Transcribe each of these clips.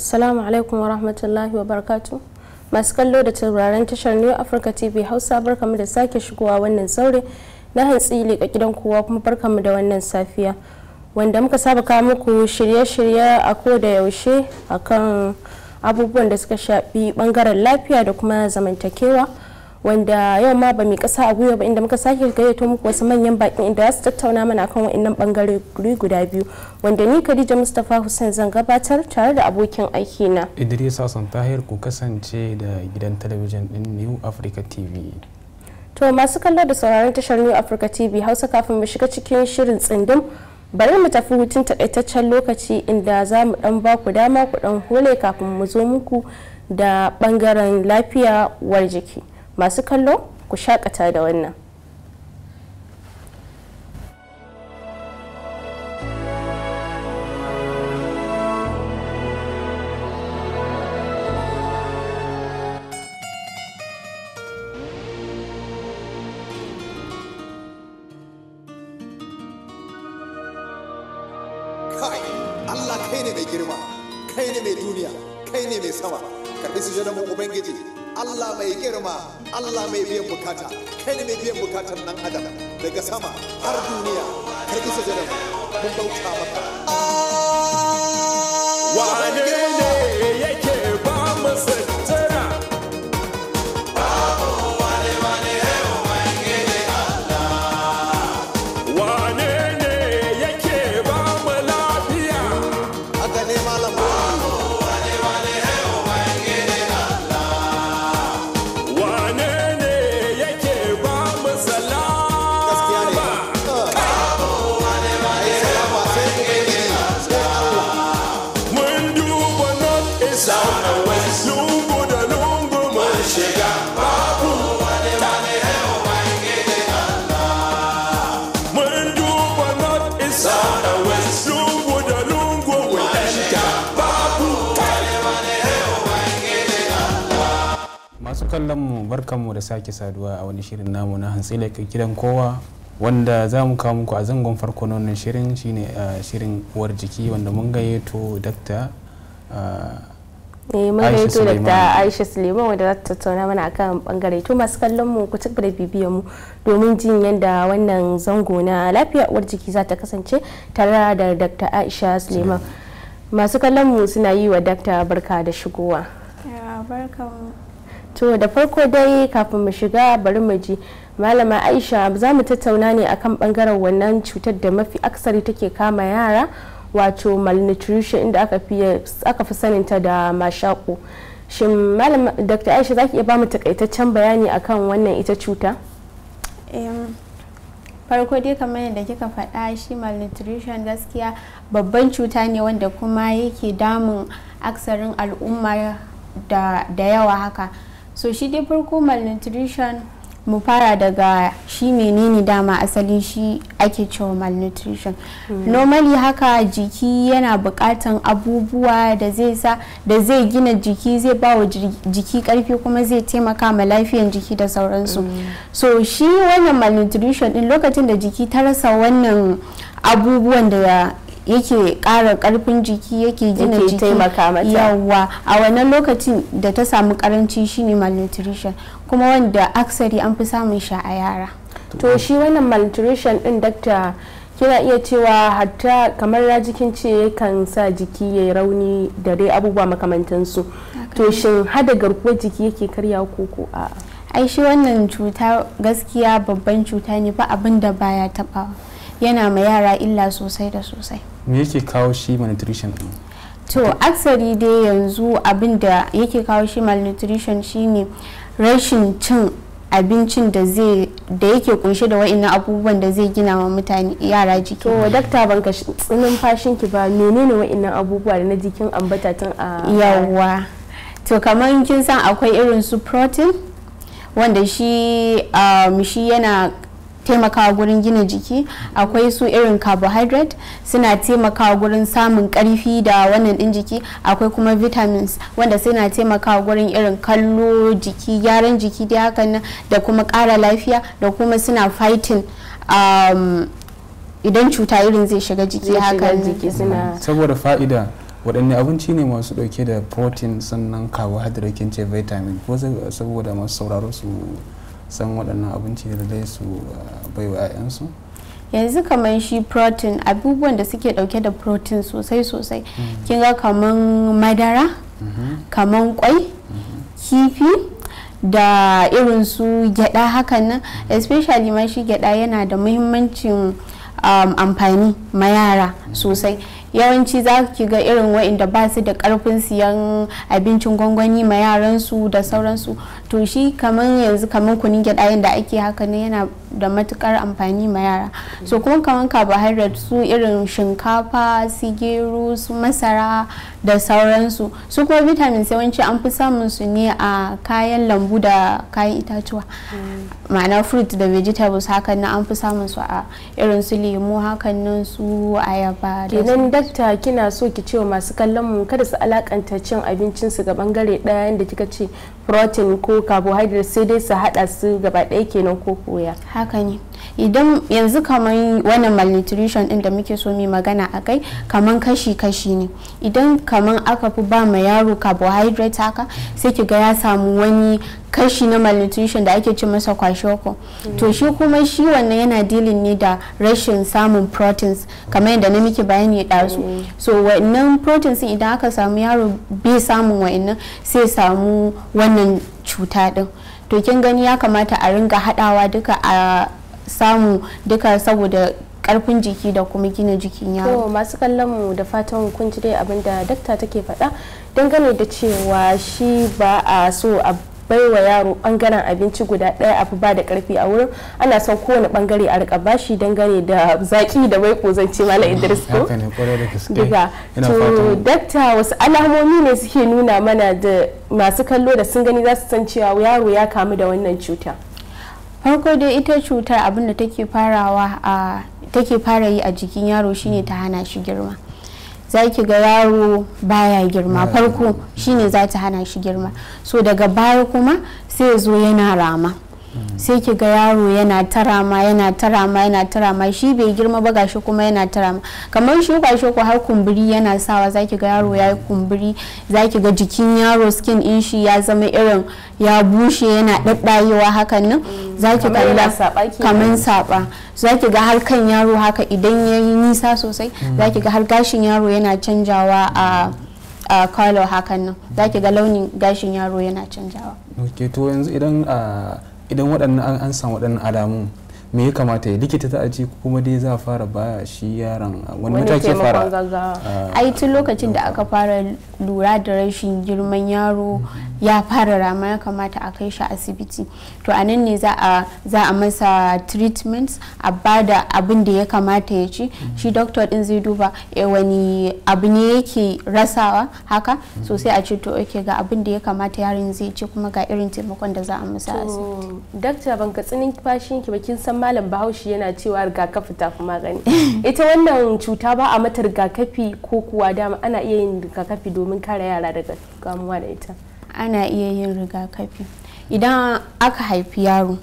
Assalamu alaikum wa rahmatullahi wa barakatu. Masu kallo da tauraron tashar New Africa TV Hausa barkamu da sake shigowa wannan saurin na hantsi leƙa gidan kowa kuma barkamu da wannan safiya. Wanda muka saba kawo muku shirye-shirye a ko da yaushe a kan abubuwan da suka shafi ɓangaren lafiya da kuma zamantakewa. wanda yau ma ba mai kasa a gwiwa ba inda muka sake gayyato muku wasu manyan bakin inda za su tattauna mana kan wa'annan bangare guda biyu wanda ni Khadija Mustapha Hussein zan gabatar tare da abokin aiki na Idris Hassan Tahir ku kasance da gidan talabijin din New Africa TV to masu kallo da sauraron tashar New Africa TV Hausa kafin mu shiga cikin shirin tsindin bari mu tafi hutun takaitaccen lokaci inda za mu dan ba ku dama ku dan hole kafin mu zo muku da bangaren lafiya war jiki masu kallo ku shakata da wannan Allah mai biyan bukata kai ne mai biyan bukatar nan adam daga sama har duniya karki sujada mun bauta maka wane ne yake ba mu kallon mu barkanmu da sake saduwa a wani shirin namu na hantsi laikin gidan kowa wanda za mu kawo muku a zangon farko na wannan shirin shine shirin uwar jiki wanda mun gayyato dakta eh, mun gaito da aisha suleiman wadda za ta tattauna mana akan bangare to masu kallon mu ku cigaba da bibiyar mu domin jin yadda wannan zango na lafiya uwar jiki za ta kasance tare da dakta aisha suleiman masu kallon mu suna yi wa dakta barka da shigowa barka to da farko dai kafin mu shiga bari mu ji malama aisha za mu tattauna ne akan bangaren wannan cutar da mafi aksari take kama yara wato malnutrition inda aka fi saninta da mashako shin malam dr aisha za ki iya ba mu takaitaccen bayani akan wannan ita cuta farko dai kamar yadda kika faɗa shi malnutrition gaskiya babban cuta ne wanda kuma yake damun aksarin al'umma da yawa haka so shi dai farko malnutrition mu fara daga shi menene dama asali shi ake cewa malnutrition hmm. normally haka jiki yana bukatan abubuwa da zai sa da zai gina jiki zai ba wa jiki karfi kuma zai taimaka ma lafiyan jiki da sauransu hmm. so shi wannan malnutrition din lokacin da jiki ta rasa wannan abubuwan da yake ƙara karfin jiki yake gina jiki taimaka yawa a wannan lokacin da ta samu karanci shine malnutrition kuma wanda aksari an fi samun sha a yara to shi wannan malnutrition din dakta kina iya cewa hatta kamar jikin ce kan sa jiki ya yi rauni da dai abubuwa makamantansu to shin hada garkuwar jiki yake karya koko a ai shi wannan cuta gaskiya babban cuta ne ba abin da baya taba yana ma yara illa sosai da sosai me yake kawo shi malnutrition to aksari dai yanzu abin da yake kawo shi malnutrition shine rashin cin abincin da zai da yake kunshe da wa'annan abubuwan da zai gina wa mutane yara jiki to dakta banka tsinin fashin ki ba menene wa'annan abubuwa da na jikin ambata tun a yawa to kamar kin san akwai irin su protein wanda shi um, shi yana taimakawa gurin gina jiki akwai su irin carbohydrate suna taimakawa gurin samun karfi da wannan din jiki akwai kuma vitamins wanda suna taimakawa gurin irin kallo jiki gyaran jiki da haka nan da kuma kara lafiya da kuma suna fighting um, idan cuta irin zai shiga jiki haka. saboda fa'ida waɗanne abinci ne masu ɗauke da protein sannan carbohydrate ce vitamin ko saboda masu sauraro su san waɗannan abinci da dai su ah, bai wa 'ya'yansu yanzu kamar shi protein abubuwan da suke ɗauke da protein sosai sosai mm-hmm. kin ga kamar madara mm-hmm. kamar kwai mm-hmm. kifi da irin su gyada hakan nan especially ma shi gyada yana da muhimmancin um, amfani ma yara sosai yawanci za ki ga irin wa'inda ba su da karfin siyan abincin gwangwani ma yaransu da sauransu to shi kamar yanzu kaman kunin gyaɗa yadda ake haka ne yana da matukar amfani ma yara so kuma kamar carbohydrate su irin shinkafa su gero su masara da sauransu su kuma vitamins yawanci an fi samun su ne a kayan lambu da kayan itatuwa ma'ana fruit da vegetables hakan na an fi samun su a irin su lemu hakan nan su ayaba kenan dakta kina so ki ce wa masu kallon mu kada su alakanta cin abincin su ga bangare daya yanda kika ce protein ko carbohydrate sai dai su hada su gaba ɗaya kenan ko koya haka ne idan yanzu kamar wannan malnutrition din da muke so mai magana a kai kamar kashi-kashi ne idan kamar aka fi ba ma yaro carbohydrate haka sai ki ga ya samu wani kashi na malnutrition da ake ci masa kwashoko to shi kuma shi wannan yana dilin ne da rashin samun proteins kamar yadda na muke bayani ya ɗazu so wannan proteins idan aka samu yaro bai samun wa'annan sai samu wannan cuta din to kin gani ya kamata a ringa haɗawa duka a samu duka saboda karfin jiki da kuma gina jikin yaro. To masu kallon mu da fatan kun ji dai abin da dakta take faɗa dangane da cewa shi ba a so a baiwa yaro bangaren abinci guda ɗaya abu ba da karfi a wurin ana son kowane bangare a rika bashi dangane da zaki da bai ko ce mala idris ko daga to dakta wasu alamomi ne suke nuna mana da masu kallo da sun gani za su san cewa yaro ya kamu da wannan cuta farko dai ita cutar abin da take farawa take fara yi a jikin yaro shine ta hana shi girma za ki ga yaro baya girma farko shine za ta hana shi girma so daga baya kuma sai zo yana rama sai ki ga yaro yana tarama yana tarama yana tarama shi bai girma ba gashi kuma yana tarama kamar shuka shuka har kumburi yana sawa zaki ga yaro ya yi kumburi zaki ga jikin yaro skin in shi ya zama irin ya bushe yana daddayewa hakan nan zaki ga kamar saba zaki ga har kan yaro haka idan ya yi nisa sosai mm. zaki ga har gashin yaro yana canjawa a a color hakan nan zaki ga launin gashin yaro yana canjawa ok to yanzu idan a ah, idan waɗannan an samu waɗannan alamu me ya kamata ya likita za a kuma dai za a fara ba shi yaron wani mataki fara a yi ah, tun lokacin da aka fara lura da rashin girman yaro ya fara rama ya kamata a kai shi asibiti to a nan ne za a masa treatment a bada abin da ya kamata ya ci shi doctor din zai duba eh, wani abu ne yake rasawa haka sosai a ce to ok ga abin da ya kamata yaron zai ci kuma ga irin taimakon da za a masa asibiti dakta ban ga tsinin fashin ki ba kin san malam bahaushe yana cewa rigakafi fi magani ita wannan cuta ba a mata rigakafi ko kuwa dama ana iya yin rigakafi domin kare yara daga kamuwa da ita ana iya yin rigakafi idan aka haifi yaro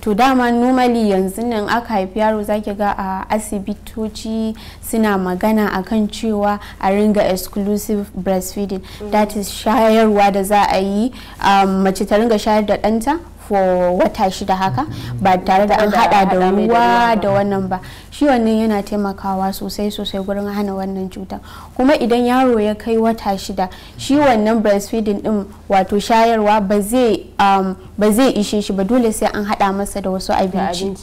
to dama nomali yanzu nan aka haifi yaro zaki ga a asibitoci suna magana akan cewa a ringa exclusive breastfeeding that is shayarwa da za a yi um, mace ta ringa shayar da ɗanta for wata shida haka ba tare da an hada da ruwa da wannan ba shi wannan yana taimakawa sosai sosai gurin hana wannan cutar kuma idan yaro ya kai wata shida shi wannan breastfeeding din wato shayarwa ba zai Um, ba zai ishe shi ba dole sai an hada masa da wasu abinci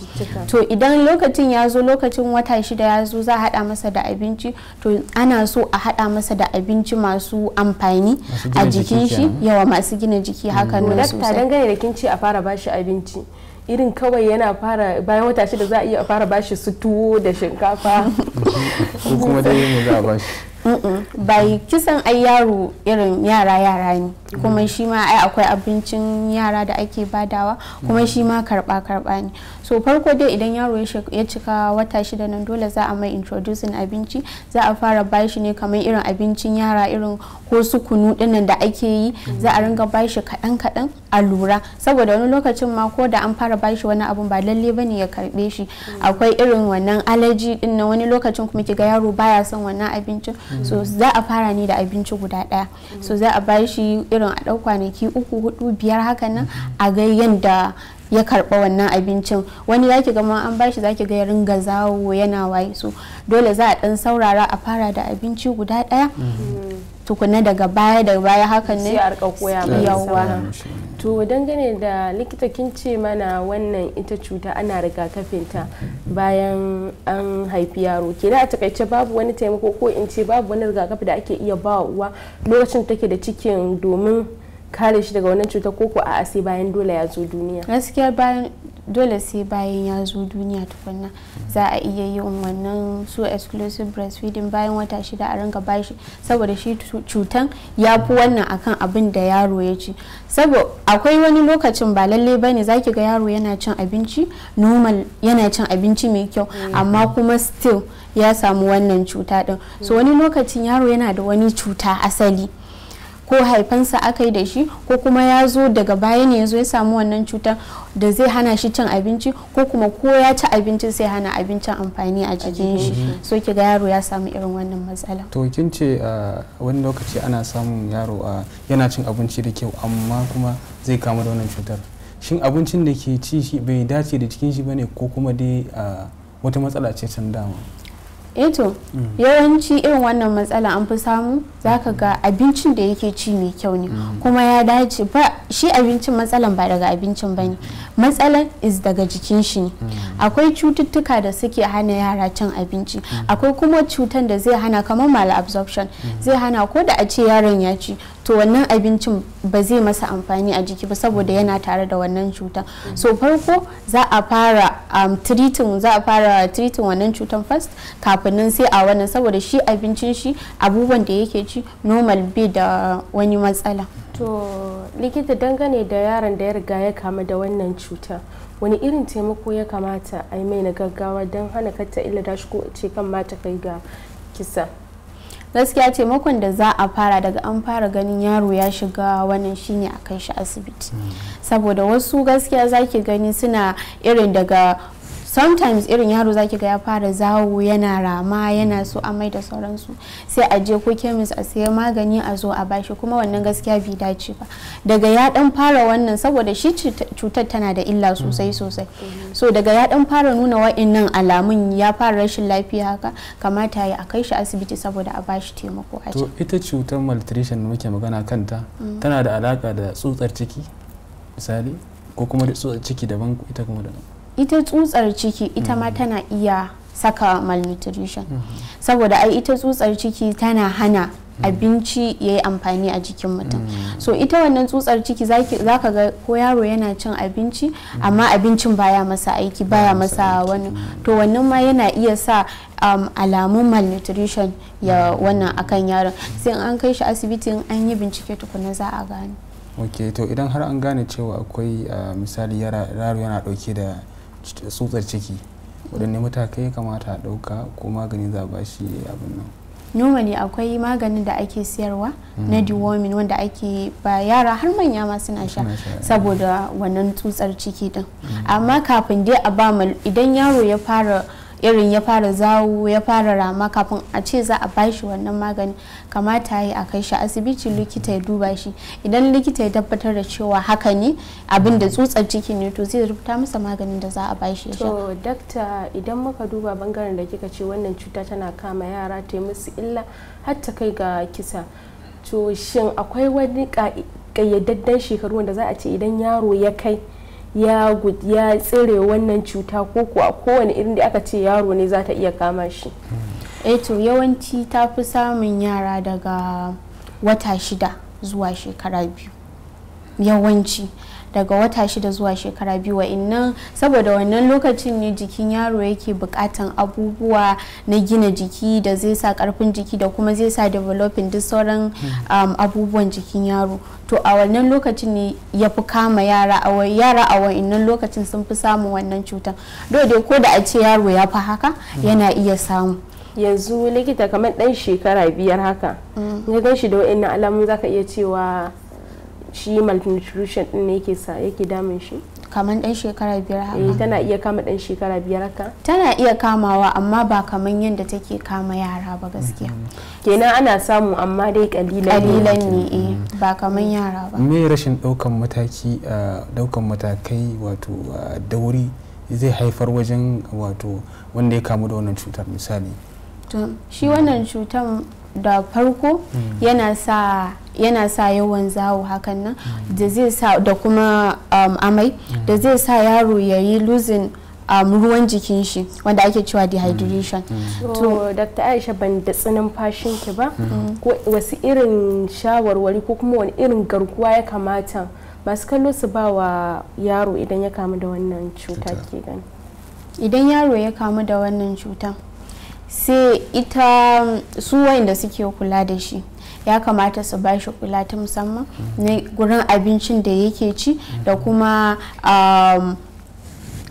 to idan lokacin ya zo lokacin wata shida ya zo za a hada masa da abinci to ana so a hada masa da abinci masu amfani a jikin shi yawa masu gina jiki mm. haka nuna sosai dangane da kin a fara bashi abinci irin kawai yana fara bayan wata shida za a iya fara bashi su tuwo da shinkafa kuma dai me za bashi bai kisan ai yaro irin yara yara ne kuma mm. shi ma ai akwai abincin yara da ake badawa kuma mm. shi ma karba karba ne so farko dai idan yaro ya cika wata shida nan dole za a mai introducing abinci za a fara bashi ne kamar irin abincin yara irin ko su kunu dinnan da ake yi mm. za a ringa bashi kaɗan kaɗan a lura saboda wani lokacin ma ko da an fara bashi wani abun ba lalle ne ya karbe shi akwai irin wannan alaji dinnan wani lokacin kuma kiga yaro baya son wannan abincin so za a fara ne da abinci guda daya so za a ba shi irin a dau kwanaki uku hudu biyar hakan nan a ga yadda ya karba wannan abincin wani zaki ga ma an bashi zaki ga ya ringa zawo yana waye so dole za a dan saurara a fara da abinci guda daya mm-hmm. tukuna daga baya daga baya hakan ne to dangane da likita kin ce mana wannan ita cuta ana rigakafin ta bayan an haifi yaro ke da a takaice babu wani taimako ko in ce babu wani rigakafi da ake iya ba uwa lokacin take da cikin domin kare shi daga wannan cuta ko ko a ase bayan dole ya zo duniya gaskiya bayan dole sai bayan ya zo duniya tukunna za a iya yin wannan su exclusive breastfeeding bayan wata shida a ringa bashi saboda shi cutan ya fi wannan akan abin da yaro ya ci saboda akwai wani lokacin ba lalle bane zaki ga yaro yana cin abinci normal yana cin abinci mai kyau mm. amma kuma still ya samu wannan cuta din so wani lokacin yaro yana da wani cuta asali ko haifansa aka yi da shi ko kuma ya zo daga baya ne ya zo ya samu wannan cutar da zai hana shi cin abinci ko kuma ko ya ci abinci sai hana abincin amfani a jikin shi so ki ga yaro ya samu irin wannan matsala to kin ce wani lokaci ana samun yaro yana cin abinci da kyau amma kuma zai kama da wannan cutar shin abincin da ke ci shi bai dace da cikin shi bane ko kuma dai wata matsala ce can dama eto eh yawanci irin wannan matsala an fi samu zaka ga abincin da yake ci mai kyau ne mm. kuma ya dace ba shi abincin matsalan ba daga abincin ba ne matsalan is daga jikin shi ne mm. akwai cututtuka da suke hana yara cin abinci mm. akwai kuma cutan da zai hana kamar malabsorption zai hana ko da a ce yaron ya ci to wannan abincin ba zai masa amfani a jiki ba saboda yana tare da wannan cuta so farko za a fara um, za a fara treating wannan cutan first kafin nan sai a wannan saboda shi abincin shi abubuwan da yake ci normal bai da wani matsala to likita dangane da yaron da ya riga ya kama da wannan cuta wani irin taimako ya kamata a yi mai na gaggawa don hana kata illa da shi ko ce kan mata kai ga kisa gaskiya taimakon da za a fara daga an fara ganin yaro ya shiga wannan shine a kai shi asibiti mm. saboda wasu gaskiya zaki gani suna irin daga sometimes irin yaro zaki ga ya fara zawo yana rama yana so amai da sauransu sai a je ko kemis a sayi magani a zo a bashi kuma wannan gaskiya bai dace ba daga ya dan fara wannan saboda shi cutar tana da illa sosai mm. sosai so daga ya dan fara nuna wa'annan alamun ya fara rashin lafiya haka kamata ya a kai shi asibiti saboda a bashi taimako a to ita cutar malnutrition da muke magana kanta mm. tana da alaka da tsutsar ciki misali ko kuma da tsutsar ciki daban ita kuma da ita tsutsar ciki ita ma mm. tana iya saka malnutrition mm-hmm. saboda ai ita tsutsar ciki tana hana mm. abinci ya yi amfani a jikin mutum mm. so ita wannan tsutsar ciki za ka ga ko yaro yana cin abinci amma abincin baya masa aiki baya masa wani to wannan ma yana iya sa um, alamun malnutrition ya wannan akan yaron sai an kai shi asibiti an yi bincike tukuna za a gane ok to idan har an gane cewa akwai uh, misali yaro yana dauke da tsutsar ciki waɗanne matakai ya kamata a ɗauka ko maganin za a ba shi abin nan normally akwai maganin da ake siyarwa na hmm. deworming wanda ake ba yara har manya ma suna sha eh. saboda wannan tsutsar ciki din hmm. amma kafin dai a ba idan yaro ya fara irin ya fara zawo ya fara rama kafin a ce za a bashi wannan magani kamata ya yi a kai shi asibiti likita ya duba shi idan likita ya tabbatar da cewa haka ne abin da tsutsar ciki ne to zai rubuta masa maganin da za a bashi ya sha to dakta idan muka duba bangaren da kika ce wannan cuta tana kama yara ta musu illa har ta kai ga kisa to shin akwai wani kayyadaddan shekaru wanda za a ce idan yaro ya kai ya ya tsire wannan cuta ko kuwa kowane irin da aka ce yaro ne za ta iya kama shi eh to yawanci ta fi samun yara daga wata shida zuwa shekara biyu yawanci daga wata shida zuwa shekara biyu wa'innan saboda wannan lokacin ne jikin yaro yake bukatan abubuwa na gina jiki da zai sa karfin jiki da kuma zai sa developing duk sauran um, abubuwan jikin yaro to a wannan lokacin ne ya fi kama yara a yara a lokacin sun fi samun wannan cutan dole ko da a ce yaro ya fi haka mm. yana iya samu yanzu likita kamar dan shekara biyar haka ya mm. gan shi da wa'annan alamun zaka iya cewa shi malnutrition din ne yake sa yake damun shi kamar dan shekara biyar haka eh, tana iya kama dan shekara biyar haka tana iya kamawa amma ba kaman yadda take kama yara ba gaskiya mm-hmm. kenan ana samu amma dai kalilan kalilan ne eh, mm-hmm. ba kamar yara ba me rashin daukan mataki daukan matakai wato dauri zai haifar wajen wato wanda ya kamu da wannan cutar misali shi wannan cutar da farko mm-hmm. yana sa yana sa yawan zawo hakan nan da zai sa da kuma um, amai da zai sa yaro ya yi losing um, ruwan jikin shi wanda ake cewa dehydration. Mm. To, oh, Dr. Aisha ban da tsinin fashin ki ba, mm. wasu irin shawarwari ko kuma wani irin garkuwa ya kamata masu kallo su ba wa yaro idan ya kamu da wannan cuta ke gani. Idan yaro ya kamu da wannan cuta, sai ita su wayanda suke kula da shi. ya kamata su ba shi kula ta musamman ne gurin abincin da yake ci da kuma um,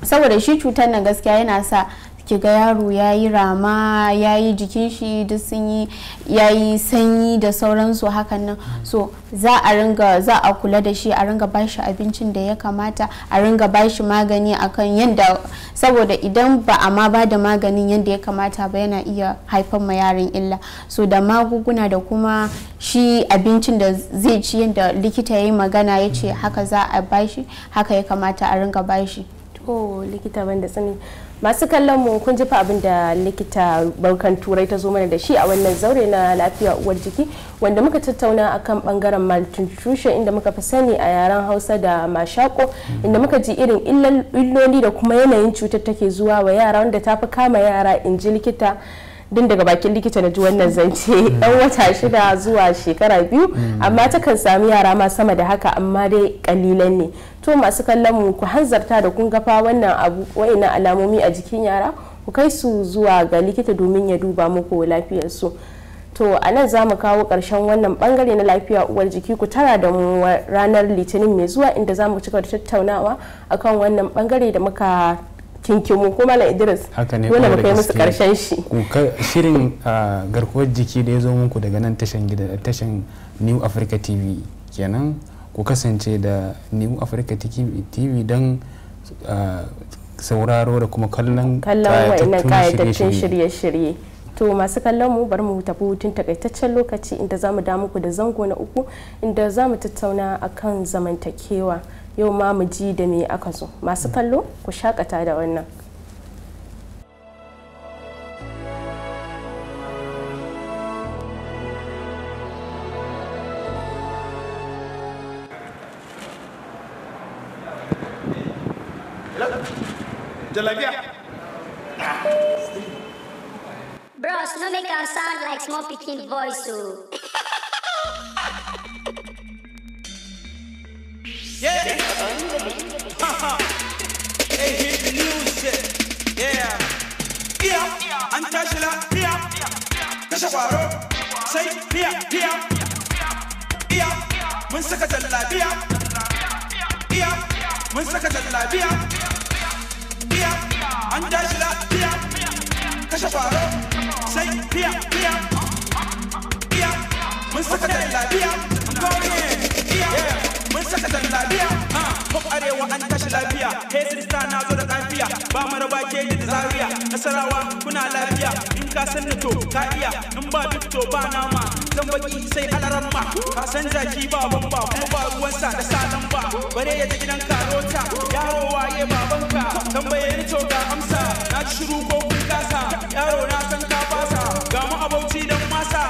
saboda shi cutar nan gaskiya yana sa ki ga yaro ya yi rama ya yi jikin shi duk sun yi ya yi sanyi da sauransu hakan nan so za a ringa za a kula da shi a ringa bashi abincin da ya kamata a ringa bashi magani akan yadda saboda idan ba a ma ba da maganin yadda ya kamata ba yana iya haifar ma yaron illa so da magunguna da kuma shi abincin da zai ci yadda likita ya yi magana ya ce haka za a bashi haka ya kamata a ringa bashi masu kallon mu kun ji fa abin da likita barkan turai ta zo mana da shi a wannan zaure na lafiya uwar jiki wanda muka tattauna a kan bangaren malnutrition inda muka fi sani a yaren hausa da mashako inda muka ji irin illoli da kuma yanayin cutar take zuwa wa yara wanda ta fi kama yara in ji likita din daga bakin likita na ji wannan zance mm. dan wata shida zuwa shekara biyu mm. amma takan sami yara ma sama da haka amma dai kalilan ne to masu kallon mu ku hanzarta da kun gafa wannan abu wa'annan alamomi a jikin yara ku kai su zuwa ga likita domin ya duba muku su. to a nan za mu kawo ƙarshen wannan bangare na lafiya uwar jiki ku tara da mu ranar litinin mai zuwa inda za mu cika da tattaunawa akan wannan bangare da muka kinkimu ko malam idris wanda ba kai musu karshen shi shirin ah, garkuwar jiki da ya zo muku daga nan tashan gida tashan new africa tv kenan ku kasance da new africa tv don ah, sauraro da kuma kallon kayatattun shirye-shirye to masu kallon mu bari mu tafi hutun takaitaccen lokaci inda za mu damu muku da zango na uku inda za mu tattauna akan zamantakewa yau ma mu ji da me aka zo masu kallo ku shakata da wannan Bros, no make our sound like small picking voice, oh. Mun yeah, yeah. lafiya, i yeah, going in. Yeah, yeah, yeah. Yeah, yeah, yeah, yeah. Yeah, yeah, yeah, yeah. yeah, yeah, yeah. yeah, yeah, yeah. Yeah, mun saka da yeah. of arewa an tashi lafiya hezirta na zo da kafiya ba mara wake da zaria nasarawa kuna lafiya in ka san da to ka iya in ba duk to ba nama zan baki sai ma ka san zaki ba bamba kuma ba da sa ba bare ya ji gidan karota yaro waye babanka tambaye ni to ga amsa na ci shiru ko kun kasa yaro na san ka fasa ga mu abauci dan masa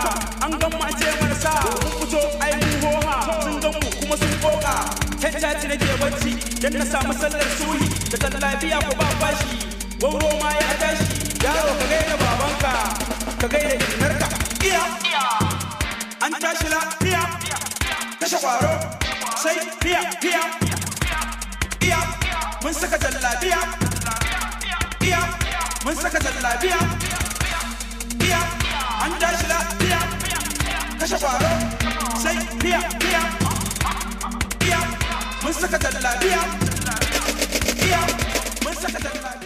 an gan mu marasa fito ai hoha sun gan mu kuma sun koka kenta na bacci dan na samu sallar suhi da tallafiya ku ba fashi wauro ma ya tashi yaro ka gaida babanka ka gaida inarka iya an tashi lafiya kashe kwaro sai fiya fiya iya mun saka tallafiya iya mun saka tallafiya iya an tashi lafiya kashe kwaro sai fiya fiya mun saka jallabiya iya mun saka jallabiya